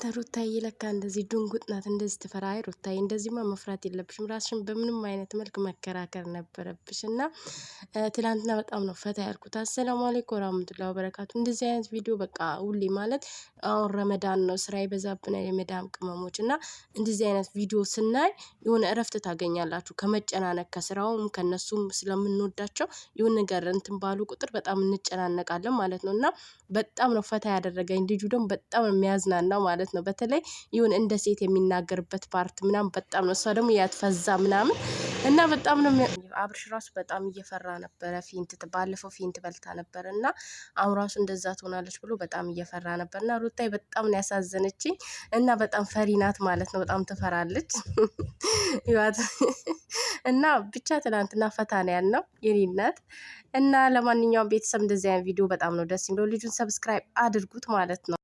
አንተ ሩታዬ ለካ እንደዚህ ድንጉጥ ናት፣ እንደዚህ ትፈራ። አይ ሩታዬ እንደዚህማ መፍራት የለብሽም። ራስሽን በምንም አይነት መልክ መከራከር ነበረብሽ። እና ትላንትና በጣም ነው ፈታ ያልኩት። አሰላሙ አለይኩም ወራህመቱላሂ ወበረካቱ። እንደዚህ አይነት ቪዲዮ በቃ ሁሌ ማለት አሁን ረመዳን ነው ስራ የበዛብን የመዳም ቅመሞች እና እንደዚህ አይነት ቪዲዮ ስናይ የሆነ እረፍት ታገኛላችሁ ከመጨናነቅ ከስራውም ከነሱም ስለምንወዳቸው ይሁን ነገር እንትን ባሉ ቁጥር በጣም እንጨናነቃለን ማለት ነው። እና በጣም ነው ፈታ ያደረገኝ። ልጁ ደግሞ በጣም ነው የሚያዝናናው ማለት ነው። ማለት ነው። በተለይ ይሁን እንደ ሴት የሚናገርበት ፓርት ምናምን በጣም ነው። እሷ ደግሞ ያትፈዛ ምናምን እና በጣም ነው አብርሽ ራሱ በጣም እየፈራ ነበረ። ፊንት ባለፈው ፊንት በልታ ነበር እና አሁን ራሱ እንደዛ ትሆናለች ብሎ በጣም እየፈራ ነበር እና ሩታይ በጣም ነው ያሳዘነችኝ እና በጣም ፈሪ ናት ማለት ነው። በጣም ትፈራለች እና ብቻ ትናንትና ፈታ ነው ያልነው የኔ እናት እና ለማንኛውም ቤተሰብ እንደዚህ አይነት ቪዲዮ በጣም ነው ደስ የሚለው። ልጁን ሰብስክራይብ አድርጉት ማለት ነው።